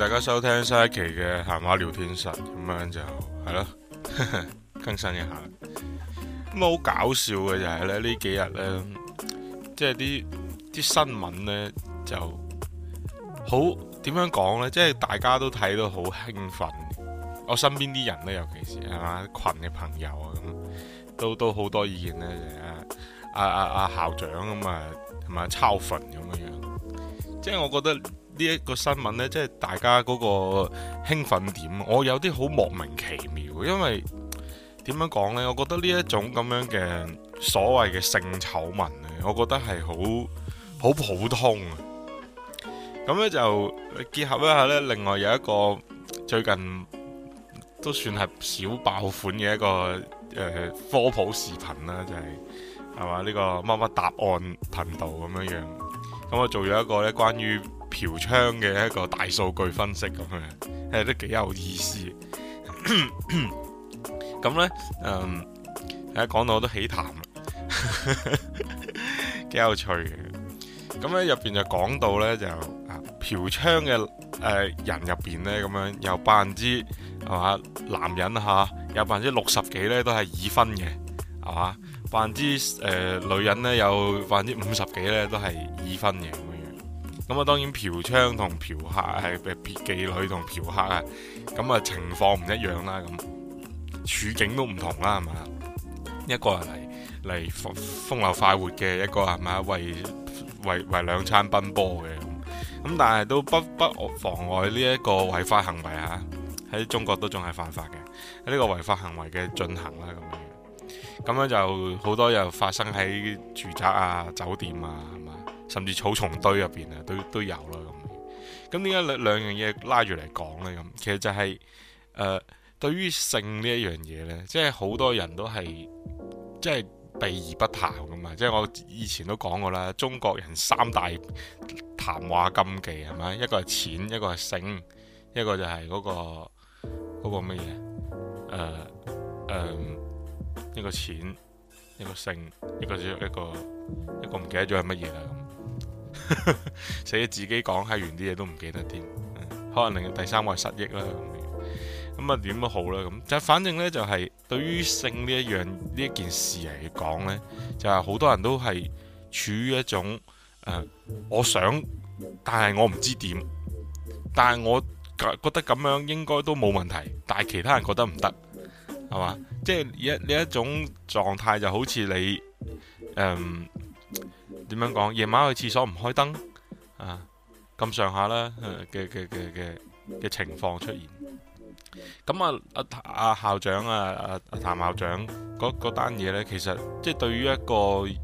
大家收聽新一期嘅閒話聊天室，咁樣就係咯呵呵，更新一下。咁好搞笑嘅就係咧呢幾日咧，即係啲啲新聞咧就好點樣講咧？即係大家都睇到好興奮。我身邊啲人咧，尤其是係嘛群嘅朋友啊，咁都都好多意見咧，就阿阿阿校長咁啊，同埋抄墳咁樣樣？即係我覺得。呢一個新聞呢，即係大家嗰個興奮點，我有啲好莫名其妙。因為點樣講呢？我覺得呢一種咁樣嘅所謂嘅性醜聞呢，我覺得係好好普通啊。咁呢就結合一下呢，另外有一個最近都算係小爆款嘅一個誒、呃、科普視頻啦，就係係嘛呢個乜乜答案頻道咁樣樣。咁我做咗一個呢關於。嫖娼嘅一個大數據分析咁樣，係都幾有意思。咁 呢，誒、嗯，一講到我都起痰，幾 有趣嘅。咁咧入邊就講到呢，就嫖娼嘅誒、呃、人入邊呢，咁樣，有百分之係嘛，男人吓有百分之六十幾呢都係已婚嘅，係嘛，百分之誒、呃、女人呢，有百分之五十幾呢都係已婚嘅。咁啊，當然嫖娼同嫖客係嘅，妓女同嫖客啊，咁啊情況唔一樣啦，咁處境都唔同啦，係嘛？一個係嚟嚟風流快活嘅，一個係咪為為為兩餐奔波嘅，咁但係都不不妨礙呢一個違法行為吓，喺中國都仲係犯法嘅呢個違法行為嘅進行啦，咁樣咁樣就好多又發生喺住宅啊、酒店啊。甚至草叢堆入邊啊，都都有啦。咁咁點解，兩兩樣嘢拉住嚟講咧？咁其實就係誒，對於性呢一樣嘢咧，即係好多人都係即係避而不談咁嘛。即係我以前都講過啦，中國人三大談話禁忌係咪？一個係錢，一個係性，一個就係嗰個嗰個乜嘢誒誒，一個錢，一個性，一個一個一個唔記得咗係乜嘢啦咁。死 自己講係完啲嘢都唔記得添，可能令第三個失憶啦。咁啊點都好啦，咁就反正呢，就係、是、對於性呢一樣呢一件事嚟講呢，就係、是、好多人都係處於一種、呃、我想但係我唔知點，但係我,我覺得咁樣應該都冇問題，但係其他人覺得唔得，係嘛？即係呢呢一種狀態就好似你、呃點樣講？夜晚去廁所唔開燈，咁上下啦嘅嘅嘅嘅情況出現。咁啊阿、啊、校長啊阿阿譚校長嗰嗰單嘢呢，其實即係對於一個、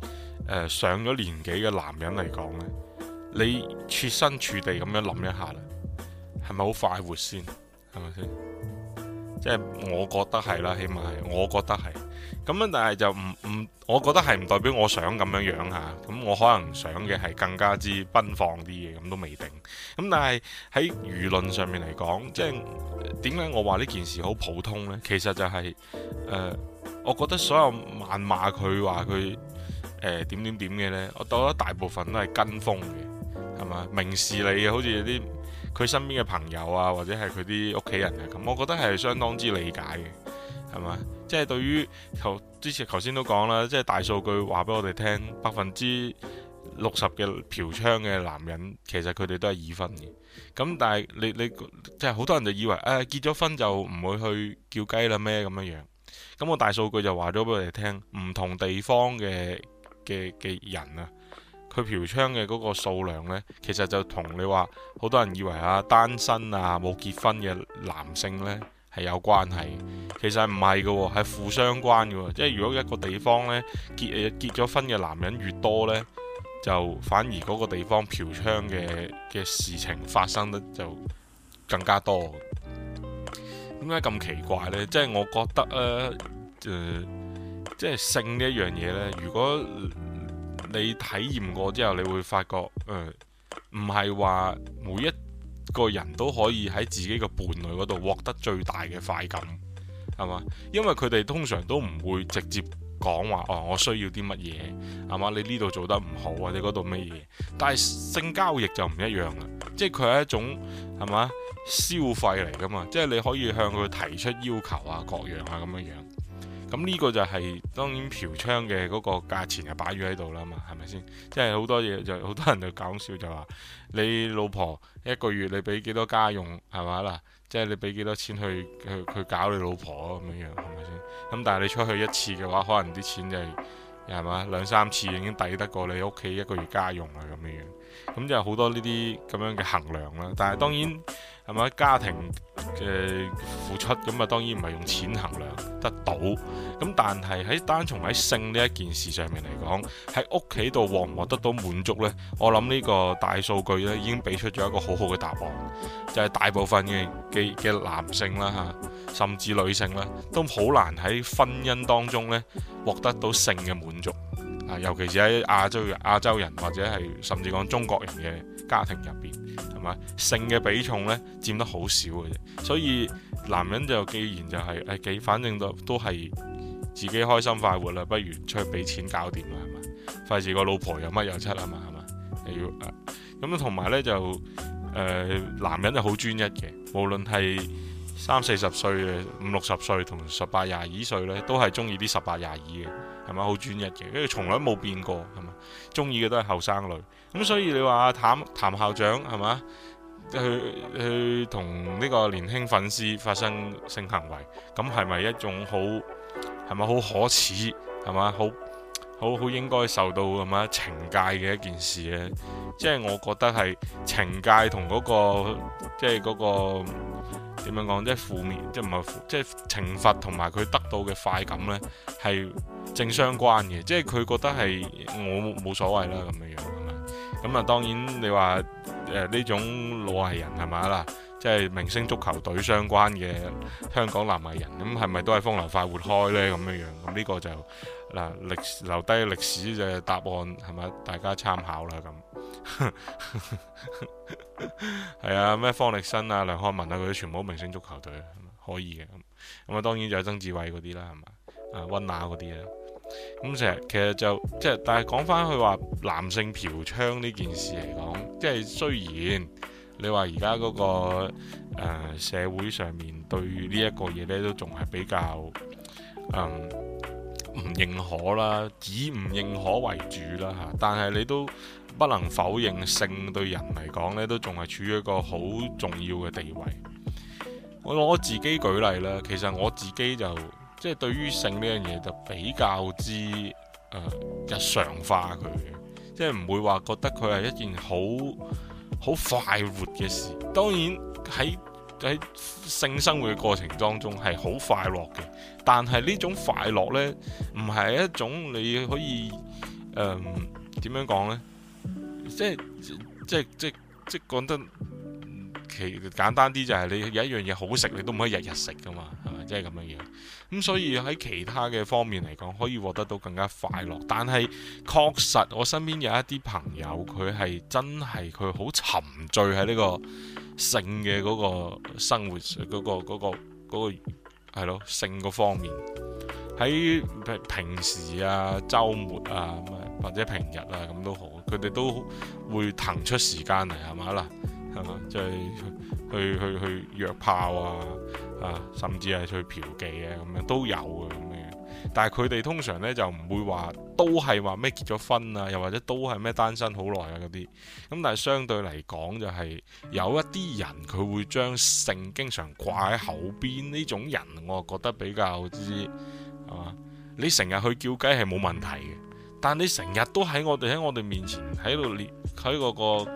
呃、上咗年紀嘅男人嚟講咧，你設身處地咁樣諗一下啦，係咪好快活先？係咪先？即係我覺得係啦，起碼係，我覺得係。咁樣，但係就唔唔，我覺得係唔代表我想咁樣樣嚇。咁我可能想嘅係更加之奔放啲嘅，咁都未定。咁但係喺輿論上面嚟講，即係點解我話呢件事好普通呢？其實就係、是、誒、呃，我覺得所有謾罵佢話佢誒點點點嘅呢，我覺得大部分都係跟風嘅，係嘛？明事理嘅，好似啲佢身邊嘅朋友啊，或者係佢啲屋企人啊，咁我覺得係相當之理解嘅，係嘛？即係對於頭之前頭先都講啦，即係大數據話俾我哋聽，百分之六十嘅嫖娼嘅男人，其實佢哋都係已婚嘅。咁但係你你即係好多人就以為啊，結咗婚就唔會去叫雞啦咩咁樣樣。咁我大數據就話咗俾我哋聽，唔同地方嘅嘅嘅人啊，佢嫖娼嘅嗰個數量呢，其實就同你話好多人以為啊，單身啊冇結婚嘅男性呢。係有關係，其實唔係嘅，係負相關嘅。即係如果一個地方呢，結誒結咗婚嘅男人越多呢，就反而嗰個地方嫖娼嘅嘅事情發生得就更加多。點解咁奇怪呢？即係我覺得咧，呃，即係性呢一樣嘢呢，如果你體驗過之後，你會發覺誒，唔係話每一個人都可以喺自己嘅伴侶嗰度獲得最大嘅快感，係嘛？因為佢哋通常都唔會直接講話、哦，我需要啲乜嘢，係嘛？你呢度做得唔好啊，你嗰度乜嘢？但係性交易就唔一樣啦，即係佢係一種係嘛消費嚟㗎嘛，即係你可以向佢提出要求啊，各樣啊咁樣樣。咁呢個就係、是、當然嫖娼嘅嗰個價錢就擺咗喺度啦嘛，係咪先？即係好多嘢就好多人就講笑就話：你老婆一個月你俾幾多家用係咪？嗱？即係你俾幾多錢去去去，去搞你老婆咁樣樣係咪先？咁但係你出去一次嘅話，可能啲錢就係、是、嘛兩三次已經抵得過你屋企一個月家用啦咁樣樣。咁就好多呢啲咁樣嘅衡量啦，但係當然係咪家庭嘅付出咁啊？當然唔係用錢衡量得到。咁但係喺單從喺性呢一件事上面嚟講，喺屋企度獲唔獲得到滿足呢？我諗呢個大數據呢已經俾出咗一個好好嘅答案，就係大部分嘅嘅男性啦吓，甚至女性啦，都好難喺婚姻當中呢獲得到性嘅滿足。啊，尤其是喺亞洲人、亞洲人或者係甚至講中國人嘅家庭入邊，係嘛？性嘅比重咧，佔得好少嘅啫。所以男人就既然就係誒幾，反正都都係自己開心快活啦，不如出去俾錢搞掂啦，係嘛，費事個老婆有乜有七啊嘛，係嘛又要誒咁同埋呢，就誒、呃、男人就好專一嘅，無論係三四十歲、五六十歲同十八廿二歲咧，都係中意啲十八廿二嘅。係咪好專一嘅，因為從來冇變過，係嘛？中意嘅都係後生女，咁所以你話啊譚譚校長係嘛？去去同呢個年輕粉絲發生性行為，咁係咪一種好，係咪好可恥係咪？好好好，應該受到咁樣懲戒嘅一件事呢，即係我覺得係懲戒同嗰個即係嗰個。點樣講？即係負面，即係唔係負，即係懲罰同埋佢得到嘅快感呢，係正相關嘅。即係佢覺得係我冇所謂啦咁嘅樣，係咪？咁啊，當然你話誒呢種老藝人係咪啦？即係明星足球隊相關嘅香港男藝人，咁係咪都係風流快活開呢？咁嘅樣咁呢個就。嗱，歷史留低歷史嘅答案係咪？大家參考啦，咁係 啊，咩方力申啊、梁漢文啊，佢啲全部都明星足球隊，可以嘅咁。咁啊，當然就有曾志偉嗰啲啦，係嘛，溫拿嗰啲啊。咁成日其實就即係、就是，但係講翻佢話男性嫖娼呢件事嚟講，即、就、係、是、雖然你話而家嗰個、呃、社會上面對呢一個嘢呢，都仲係比較、嗯唔認可啦，以唔認可為主啦吓，但係你都不能否認性對人嚟講呢，都仲係處於一個好重要嘅地位。我攞自己舉例啦，其實我自己就即係、就是、對於性呢樣嘢就比較之、呃、日常化佢，即係唔會話覺得佢係一件好好快活嘅事。當然喺喺性生活嘅過程當中係好快樂嘅。但係呢種快樂呢，唔係一種你可以誒點、呃、樣講咧？即係即係即係即係講得其簡單啲就係你有一樣嘢好食，你都唔可以日日食噶嘛，係咪？即係咁樣樣。咁、嗯、所以喺其他嘅方面嚟講，可以獲得到更加快樂。但係確實，我身邊有一啲朋友，佢係真係佢好沉醉喺呢個性嘅嗰個生活嗰個嗰個嗰個。嗰個嗰個嗰個係咯，性嗰方面喺平時啊、週末啊咁啊，或者平日啊咁都好，佢哋都會騰出時間嚟係咪啦？係嘛，就係、是、去去去、去約炮啊啊，甚至係去嫖妓啊，咁樣都有嘅。但係佢哋通常呢就唔會話，都係話咩結咗婚啊，又或者都係咩單身好耐啊嗰啲。咁但係相對嚟講就係有一啲人佢會將性經常掛喺口邊呢種人，我覺得比較之係你成日去叫雞係冇問題嘅，但你成日都喺我哋喺我哋面前喺度連喺嗰個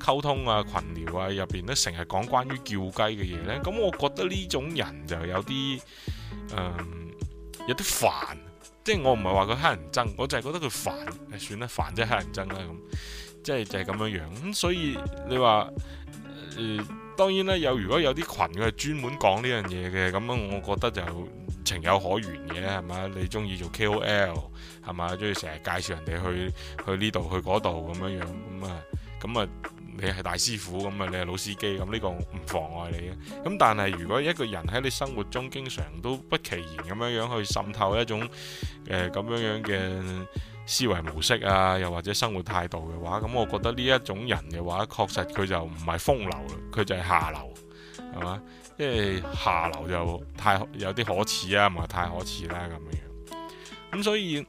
溝通啊群聊啊入邊呢，成日講關於叫雞嘅嘢呢。咁我覺得呢種人就有啲嗯。有啲煩，即係我唔係話佢黑人憎，我就係覺得佢煩，算啦，煩即係黑人憎啦咁，即係就係咁樣樣咁、嗯，所以你話、呃，當然啦，有如果有啲群佢係專門講呢樣嘢嘅，咁啊，我覺得就情有可原嘅係咪？你中意做 KOL 係咪？中意成日介紹人哋去去呢度去嗰度咁樣樣咁啊咁啊。你係大師傅咁啊，你係老司機咁呢個唔妨礙你嘅。咁但係如果一個人喺你生活中經常都不其然咁樣樣去滲透一種誒咁、呃、樣樣嘅思維模式啊，又或者生活態度嘅話，咁我覺得呢一種人嘅話，確實佢就唔係風流，佢就係下流，係嘛？即係下流就太有啲可恥啊，唔係太可恥啦、啊、咁樣。咁所以。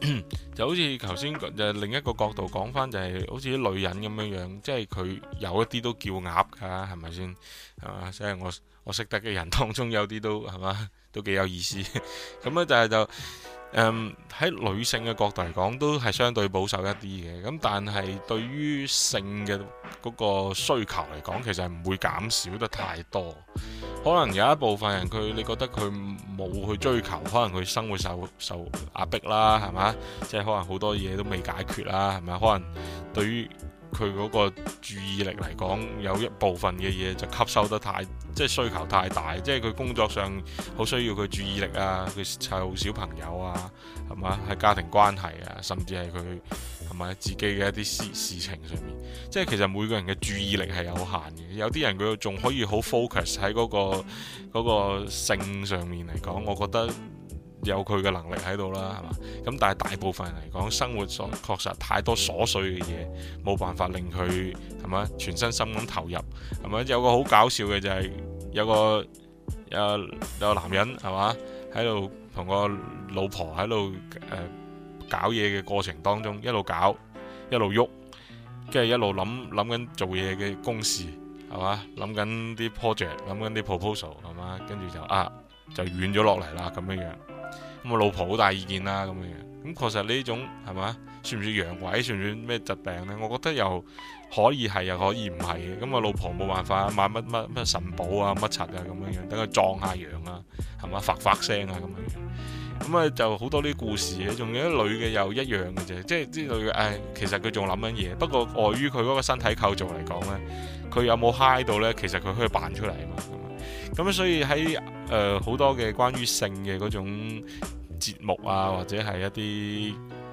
就好似頭先就另一個角度講翻、就係，就係、係、好似啲女人咁樣樣，即係佢有一啲都叫鴨噶，係咪先？係嘛，所以我我識得嘅人當中有啲都係嘛，都幾有意思。咁咧，就係就。誒喺、um，女性嘅角度嚟講，都係相對保守一啲嘅。咁但係對於性嘅嗰個需求嚟講，其實唔會減少得太多。可能有一部分人佢，你覺得佢冇去追求，可能佢生活受受壓迫啦，係咪？即係可能好多嘢都未解決啦，係咪？可能對於。佢嗰個注意力嚟講，有一部分嘅嘢就吸收得太，即係需求太大，即係佢工作上好需要佢注意力啊，佢湊小朋友啊，係嘛，喺家庭關係啊，甚至係佢係咪自己嘅一啲事事情上面，即係其實每個人嘅注意力係有限嘅，有啲人佢仲可以好 focus 喺嗰個嗰個性上面嚟講，我覺得。有佢嘅能力喺度啦，係嘛咁？但係大部分人嚟講，生活上確實太多瑣碎嘅嘢，冇辦法令佢係嘛全身心咁投入係嘛。有個好搞笑嘅就係、誒、有個有個有個男人係嘛喺度同個老婆喺度誒搞嘢嘅過程當中，一路搞一路喐，跟住一路諗諗緊做嘢嘅公事係嘛，諗緊啲 project，諗緊啲 proposal 係嘛，跟住就啊就軟咗落嚟啦咁樣樣。咁啊，老婆好大意見啦，啊，咁樣樣。咁確實呢種係嘛，算唔算陽痿？算唔算咩疾病呢？我覺得又可以係，又可以唔係。咁啊，老婆冇辦法買乜乜乜神寶啊，乜柒啊，咁樣樣，等佢壯下陽啊，係嘛，發發聲啊，咁樣。咁啊，就好多啲故事嘅，仲有啲女嘅又一樣嘅啫。即係啲女，誒、哎，其實佢仲諗緊嘢。不過礙於佢嗰個身體構造嚟講呢，佢有冇嗨到呢？其實佢可以扮出嚟啊嘛。咁、嗯、所以喺誒好多嘅關於性嘅嗰種節目啊，或者係一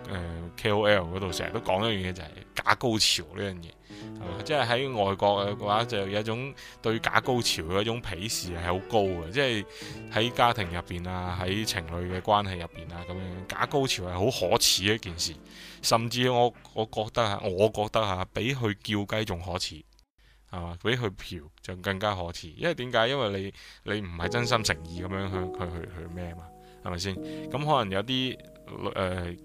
啲誒 KOL 嗰度成日都講一樣嘢，就係假高潮呢樣嘢、嗯。即係喺外國嘅話就有一種對假高潮嘅一種鄙視係好高嘅。即係喺家庭入邊啊，喺情侶嘅關係入邊啊，咁樣假高潮係好可恥一件事。甚至我我覺得，我覺得啊，我覺得嚇比去叫雞仲可恥。係俾佢嫖就更加可恥，因為點解？因為你你唔係真心誠意咁樣去去去去咩嘛？係咪先？咁可能有啲誒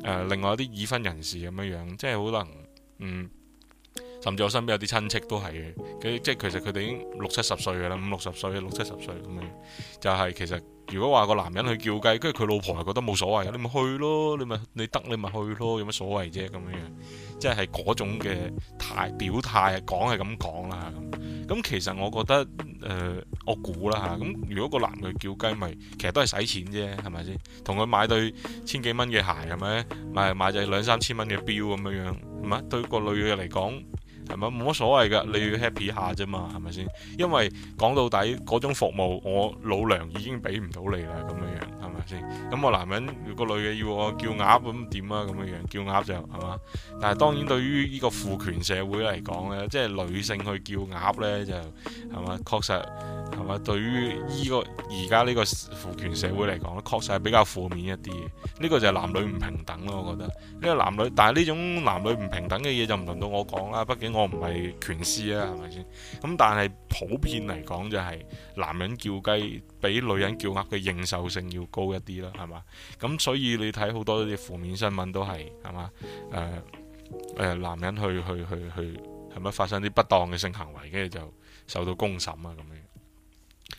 誒，另外一啲已婚人士咁樣樣，即係可能嗯。甚至我身邊有啲親戚都係嘅，即係其實佢哋已經六七十歲㗎啦，五六十歲、六七十歲咁樣，就係、是、其實如果話個男人去叫雞，跟住佢老婆係覺得冇所謂嘅，你咪去咯，你咪你得你咪去咯，有乜所謂啫？咁樣樣即係係嗰種嘅態表態係講係咁講啦咁。咁其實我覺得誒、呃，我估啦嚇咁。如果個男嘅叫雞，咪其實都係使錢啫，係咪先？同佢買對千幾蚊嘅鞋係咪？買買隻兩三千蚊嘅表咁樣樣，係咪？對個女嘅嚟講。係咪冇乜所謂噶？你要 happy 下啫嘛，係咪先？因為講到底嗰種服務，我老娘已經俾唔到你啦，咁樣樣係咪先？咁我男人，如果個女嘅要我叫鴨咁點啊？咁樣樣叫鴨就係嘛？但係當然對於呢個父權社會嚟講咧，即係女性去叫鴨咧就係嘛，確實。對於呢、這個而家呢個父權社會嚟講，確實係比較負面一啲嘅。呢、這個就係男女唔平等咯。我覺得呢個男女，但係呢種男女唔平等嘅嘢就唔輪到我講啦。畢竟我唔係權師啦，係咪先？咁但係普遍嚟講就係男人叫雞比女人叫鴨嘅認受性要高一啲啦，係嘛？咁所以你睇好多啲負面新聞都係，係嘛？誒誒、呃呃，男人去去去去係咪發生啲不當嘅性行為，跟住就受到公審啊咁樣。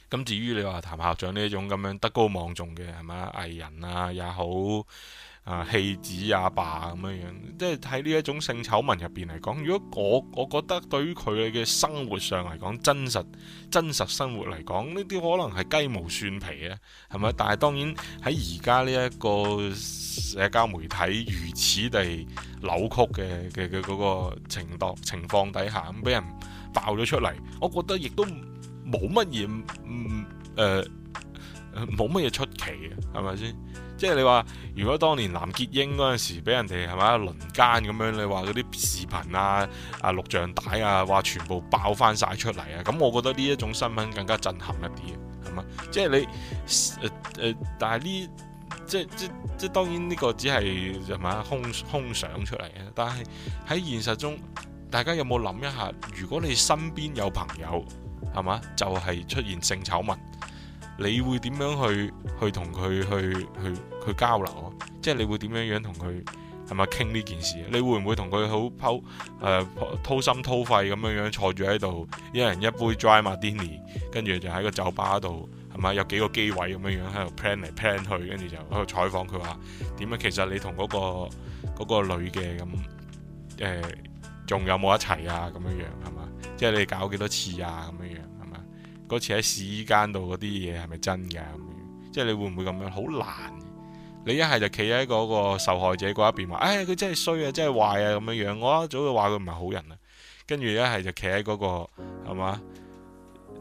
咁至於你話譚校長呢一種咁樣德高望重嘅，係嘛？藝人啊、也好啊，戲子也罷咁樣，即係喺呢一種性醜聞入邊嚟講，如果我我覺得對於佢哋嘅生活上嚟講，真實真實生活嚟講，呢啲可能係雞毛蒜皮啊，係咪？但係當然喺而家呢一個社交媒體如此地扭曲嘅嘅嘅嗰個程度情況底下，咁俾人爆咗出嚟，我覺得亦都。冇乜嘢，唔誒，冇乜嘢出奇啊，係咪先？即係你話，如果當年藍潔瑛嗰陣時，俾人哋係咪啊輪奸咁樣？你話嗰啲視頻啊、啊錄像帶啊，話全部爆翻晒出嚟啊？咁我覺得呢一種新聞更加震撼一啲啊，係嘛？即係你誒誒、呃呃，但係呢，即係即即，即當然呢個只係係嘛空空想出嚟嘅，但係喺現實中，大家有冇諗一下，如果你身邊有朋友？係嘛？就係、是、出現性醜聞，你會點樣去去同佢去去去交流？啊，即係你會點樣樣同佢係咪傾呢件事？你會唔會同佢好剖誒、掏心掏肺咁樣樣坐住喺度一人一杯 dry martini 跟住就喺個酒吧度係咪有幾個機位咁樣樣喺度 plan 嚟 plan 去，跟住就喺度採訪佢話點啊？其實你同、嗰個，嗰個女嘅咁誒，仲有冇一齊啊？咁樣樣係嘛。即係你搞幾多次啊？咁樣樣係嘛？嗰次喺試衣間度嗰啲嘢係咪真嘅？咁樣，即係你會唔會咁樣？好難。你一係就企喺嗰個受害者嗰一邊話，唉，佢、哎、真係衰啊，真係壞啊，咁樣樣。我一早就話佢唔係好人啊。跟住一係就企喺嗰個係嘛，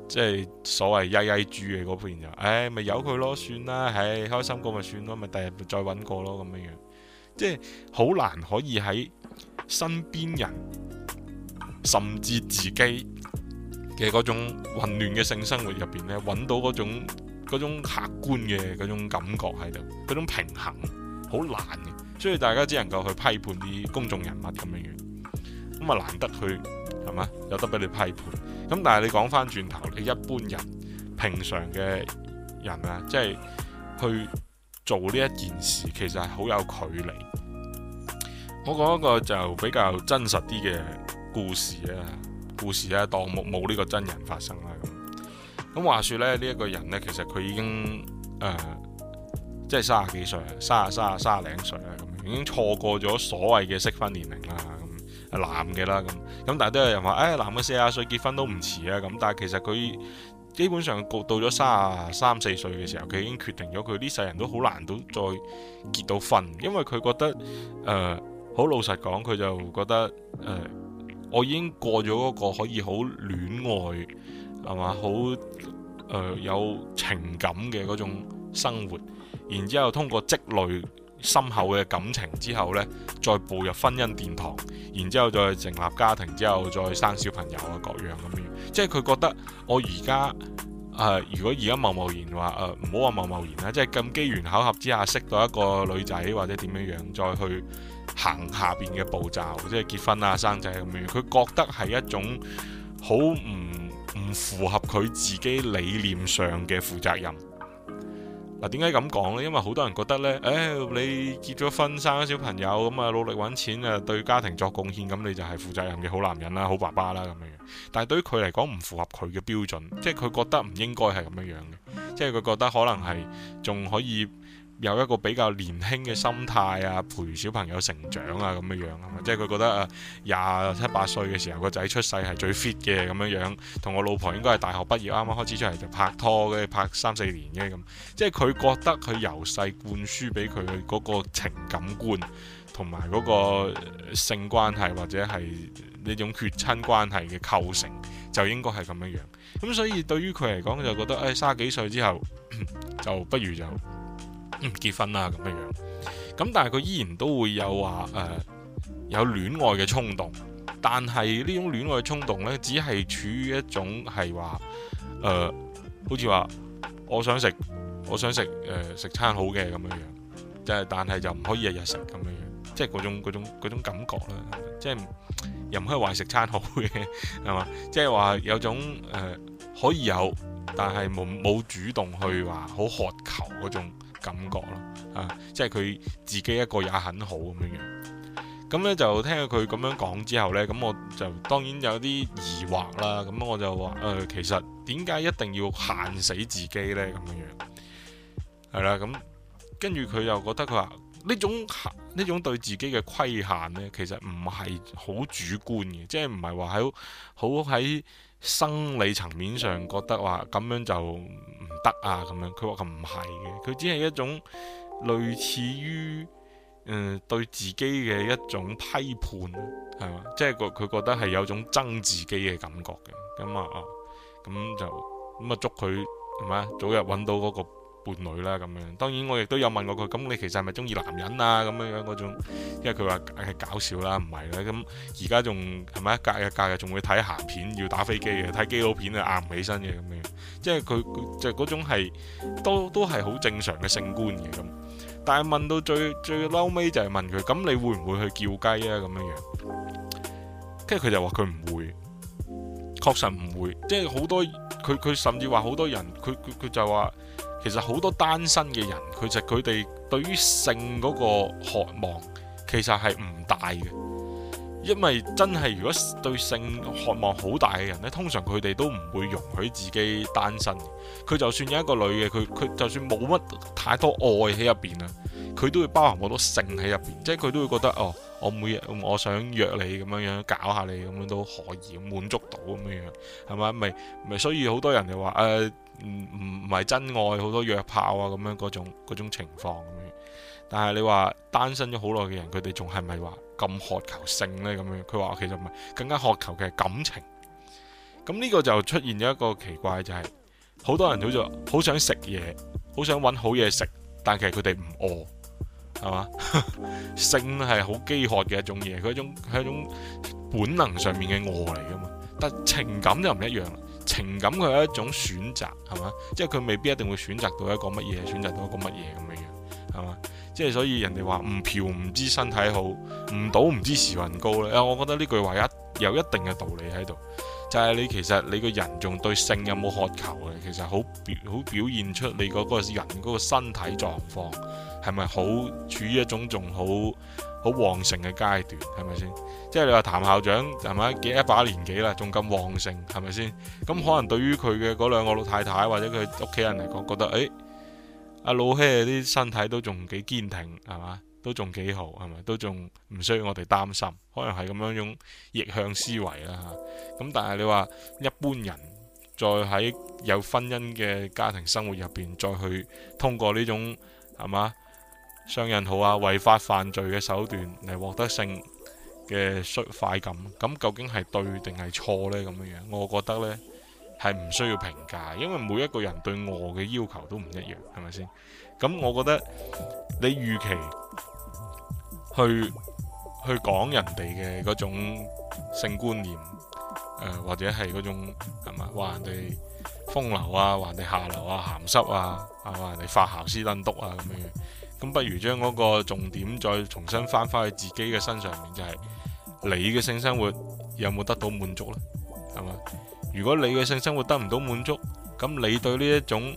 即係所謂曳曳住嘅嗰邊就，唉，咪由佢咯，算啦，唉、哎，開心過咪算過咯，咪第日再搵過咯，咁樣樣。即係好難可以喺身邊人。甚至自己嘅嗰種混亂嘅性生活入邊呢，揾到嗰種嗰種客觀嘅嗰種感覺喺度，嗰種平衡好難嘅，所以大家只能夠去批判啲公眾人物咁樣樣，咁啊難得去係嘛，有得俾你批判。咁但係你講翻轉頭，你一般人平常嘅人啊，即係去做呢一件事，其實係好有距離。我講一個就比較真實啲嘅。故事啊，故事啊，當冇冇呢個真人發生啦咁。咁話說咧，呢、這、一個人呢，其實佢已經誒、呃，即係三十幾歲，三十三十零歲啊，咁已經錯過咗所謂嘅適婚年齡啦。咁男嘅啦，咁咁但係都有人話，誒、哎，男嘅四十歲結婚都唔遲啊。咁但係其實佢基本上到咗三十、三四歲嘅時候，佢已經決定咗，佢呢世人都好難到再結到婚，因為佢覺得誒、呃，好老實講，佢就覺得誒。呃我已經過咗嗰個可以好戀愛係嘛，好誒、呃、有情感嘅嗰種生活，然之後通過積累深厚嘅感情之後呢再步入婚姻殿堂，然之後再成立家庭，之後再生小朋友啊各樣咁樣，即係佢覺得我而家誒，如果而家貿貿然話誒，唔好話貿貿然啦，即係咁機緣巧合之下識到一個女仔或者點樣樣，再去。行下邊嘅步驟，即係結婚啊、生仔咁樣，佢覺得係一種好唔唔符合佢自己理念上嘅負責任。嗱、啊，點解咁講呢？因為好多人覺得呢，誒、哎，你結咗婚、生咗小朋友，咁啊努力揾錢啊，對家庭作貢獻，咁你就係負責任嘅好男人啦、啊、好爸爸啦、啊、咁樣。但係對於佢嚟講，唔符合佢嘅標準，即係佢覺得唔應該係咁樣樣嘅，即係佢覺得可能係仲可以。有一個比較年輕嘅心態啊，陪小朋友成長啊，咁樣樣啊，即係佢覺得啊，廿七八歲嘅時候個仔出世係最 fit 嘅咁樣樣。同我老婆應該係大學畢業，啱啱開始出嚟就拍拖嘅，拍三四年嘅咁。即係佢覺得佢由細灌輸俾佢嗰個情感觀同埋嗰個性關係或者係呢種血親關係嘅構成，就應該係咁樣樣。咁所以對於佢嚟講，就覺得誒，卅幾歲之後就不如就唔結婚啦，咁樣樣咁，但係佢依然都會有話誒、呃、有戀愛嘅衝動，但係呢種戀愛衝動呢，只係處於一種係話誒，好似話我想食，我想食誒、呃、食餐好嘅咁樣樣，但係就唔可以日日食咁樣樣，即係嗰種嗰種嗰種感覺啦，即係又唔可以話食餐好嘅係嘛，即係話有種誒、呃、可以有，但係冇冇主動去話好渴求嗰種。感覺咯，啊，即係佢自己一個也很好咁樣樣。咁咧就聽到佢咁樣講之後呢，咁我就當然有啲疑惑啦。咁我就話，誒、呃，其實點解一定要限死自己呢？」咁樣樣係啦。咁跟住佢就覺得佢話呢種呢種對自己嘅規限呢，其實唔係好主觀嘅，即係唔係話喺好喺生理層面上覺得話咁樣就。唔得啊，咁樣佢話佢唔係嘅，佢只係一種類似於誒、呃、對自己嘅一種批判，係嘛，即係佢佢覺得係有種憎自己嘅感覺嘅，咁、嗯、啊，咁、嗯、就咁啊祝佢係嘛，早日揾到嗰、那個。伴侶啦，咁樣當然我亦都有問過佢咁，你其實係咪中意男人啊？咁樣樣嗰種，因為佢話係搞笑啦，唔係咧。咁而家仲係咪一隔日隔日仲會睇鹹片，要打飛機嘅，睇基佬片啊，硬唔起身嘅咁樣，即係佢就嗰、是就是、種係都都係好正常嘅性觀嘅咁。但係問到最最嬲尾就係問佢咁，你會唔會去叫雞啊？咁樣樣，跟住佢就話佢唔會，確實唔會。即係好多佢佢甚至話好多人，佢佢佢就話。其實好多單身嘅人，佢就佢哋對於性嗰個渴望，其實係唔大嘅，因為真係如果對性渴望好大嘅人咧，通常佢哋都唔會容許自己單身。佢就算有一個女嘅，佢佢就算冇乜太多愛喺入邊啊，佢都會包含好多性喺入邊，即係佢都會覺得哦。我每日我想約你咁樣樣搞下你咁樣都可以咁滿足到咁樣樣，係咪？咪咪所以好多人就話誒，唔唔係真愛，好多約炮啊咁樣嗰種種情況，但係你話單身咗好耐嘅人，佢哋仲係咪話咁渴求性呢？咁樣佢話其實唔係，更加渴求嘅係感情。咁呢個就出現咗一個奇怪，就係好多人好似好想食嘢，好想搵好嘢食，但其實佢哋唔餓。係嘛？ 性係好飢渴嘅一種嘢，佢一種係一種本能上面嘅餓嚟㗎嘛。但情感就唔一樣啦，情感佢係一種選擇，係嘛？即係佢未必一定會選擇到一個乜嘢，選擇到一個乜嘢咁樣，係嘛？即係所以人哋話唔嫖唔知身體好，唔賭唔知時運高咧、呃。我覺得呢句話一有一定嘅道理喺度，就係、是、你其實你個人仲對性有冇渴求嘅，其實好表好表現出你嗰個人嗰個身體狀況係咪好處於一種仲好好旺盛嘅階段，係咪先？即係你話譚校長係咪？幾一把年紀啦，仲咁旺盛，係咪先？咁可能對於佢嘅嗰兩個老太太或者佢屋企人嚟講，覺得誒，阿、哎、老兄啲身體都仲幾堅挺，係嘛？都仲幾好係咪？都仲唔需要我哋擔心，可能係咁樣一種逆向思維啦嚇。咁但係你話一般人再喺有婚姻嘅家庭生活入邊，再去通過呢種係嘛商人好啊違法犯罪嘅手段嚟獲得性嘅快感，咁究竟係對定係錯呢？咁樣樣，我覺得呢，係唔需要評價，因為每一個人對我嘅要求都唔一樣，係咪先？咁我覺得你預期。去去講人哋嘅嗰種性觀念，誒、呃、或者係嗰種係嘛，話人哋風流啊，話人哋下流啊，鹹濕啊，係嘛，人哋發姣、斯登督啊咁樣。咁不如將嗰個重點再重新返返去自己嘅身上面，就係、是、你嘅性生活有冇得到滿足咧？係嘛，如果你嘅性生活得唔到滿足，咁你對呢一種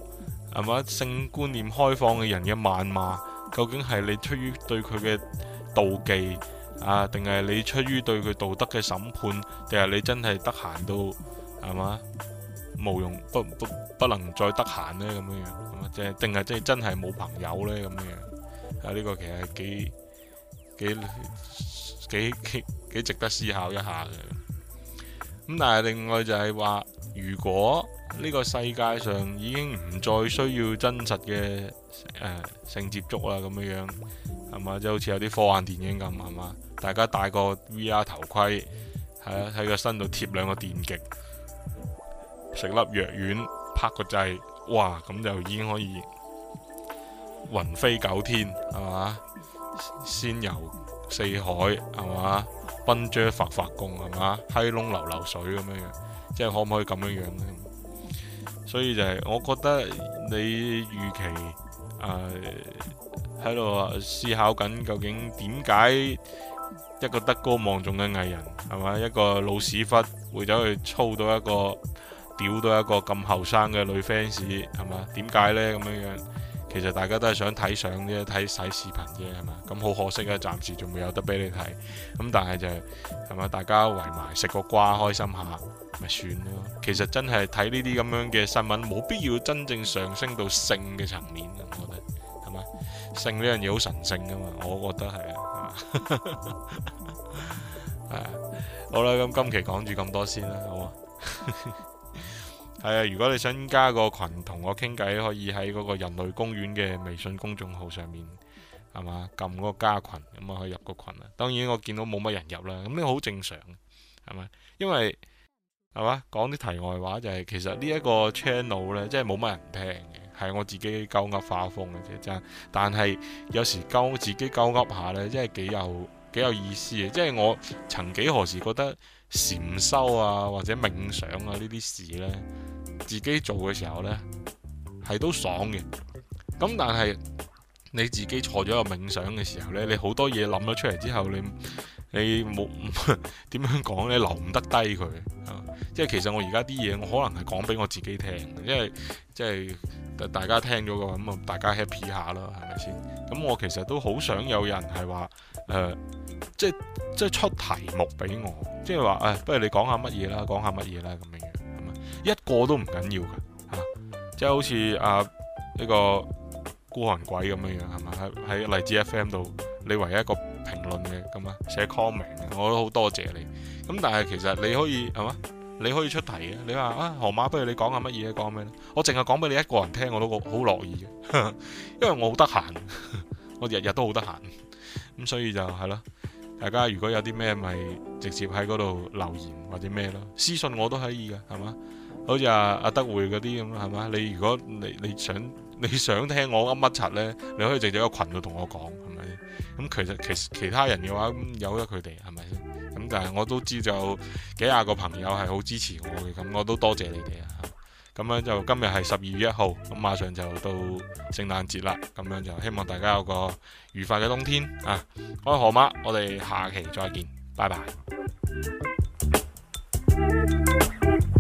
係嘛性觀念開放嘅人嘅謾罵，究竟係你出於對佢嘅？妒忌啊？定係你出於對佢道德嘅審判？定係你真係得閒到係嘛？無用不不不能再得閒呢？咁樣樣，咁啊即係定係即係真係冇朋友呢？咁樣樣。啊？呢個其實係幾幾幾幾幾值得思考一下嘅。咁但係另外就係話，如果呢個世界上已經唔再需要真實嘅誒、呃、性接觸啦，咁樣樣係嘛，即好似有啲科幻電影咁，係嘛。大家戴個 VR 頭盔，喺、啊、喺個身度貼兩個電極，食粒藥丸，拍個掣，哇，咁就已經可以雲飛九天係嘛，仙遊四海係嘛，噴珠發發功係嘛，嗨窿流流水咁樣樣，即係可唔可以咁樣樣咧？所以就係，我覺得你預期誒喺度思考緊，究竟點解一個德高望重嘅藝人係咪？一個老屎忽會走去操到一個屌到一個咁後生嘅女 fans 係嘛？點解呢？咁樣。其實大家都係想睇相啫，睇洗視頻啫，係嘛？咁好可惜啊，暫時仲未有得俾你睇。咁但係就係，係嘛，大家圍埋食個瓜開心下，咪算咯。其實真係睇呢啲咁樣嘅新聞，冇必要真正上升到性嘅層面。我覺得係嘛，性呢樣嘢好神聖噶嘛，我覺得係啊。係 啊，好啦，咁今期講住咁多先啦，好嘛。 係啊，如果你想加個群同我傾偈，可以喺嗰個人類公園嘅微信公眾號上面，係嘛，撳嗰個加群，咁啊可以入個群啊。當然我見到冇乜人入啦，咁呢個好正常，係咪？因為係嘛，講啲題外話就係，其實呢一個 channel 咧，即係冇乜人聽嘅，係我自己鳩噏花風嘅啫，真。但係有時鳩自己鳩噏下呢，即係幾有幾有意思嘅，即係我曾幾何時覺得禪修啊或者冥想啊呢啲事呢。自己做嘅時候呢，係都爽嘅。咁但係你自己坐咗個冥想嘅時候呢，你好多嘢諗咗出嚟之後，你你冇點樣講咧？呢你留唔得低佢、嗯、即係其實我而家啲嘢，我可能係講俾我自己聽，因為即係大家聽咗個咁啊，大家 happy 下咯，係咪先？咁我其實都好想有人係話，誒、呃，即係出題目俾我，即係話，誒、哎，不如你講下乜嘢啦，講下乜嘢啦，咁一個都唔緊要㗎，啊，即係好似阿呢個孤寒鬼咁樣樣，係嘛？喺喺荔枝 FM 度，你唯一一個評論嘅咁啊，寫 comment 我都好多謝你。咁，啊、但係其實你可以係嘛？你可以出題嘅，你話啊河馬，不如你講下乜嘢，講咩咧？我淨係講俾你一個人聽，我都好樂意嘅，因為我好得閒，我日日都好得閒。咁，啊、所以就係咯，大家如果有啲咩咪直接喺嗰度留言或者咩咯，私信我都可以嘅，係嘛？好似阿阿德匯嗰啲咁啦，係嘛？你如果你你想你想聽我噏乜柒呢，你可以直接喺群度同我講，係咪？咁其實其其他人嘅話，由得佢哋係咪？咁但係我都知就幾廿個朋友係好支持我嘅，咁我都多謝你哋啊！咁樣就今日係十二月一號，咁馬上就到聖誕節啦，咁樣就希望大家有個愉快嘅冬天啊，okay！我係河馬，我哋下期再見，拜拜。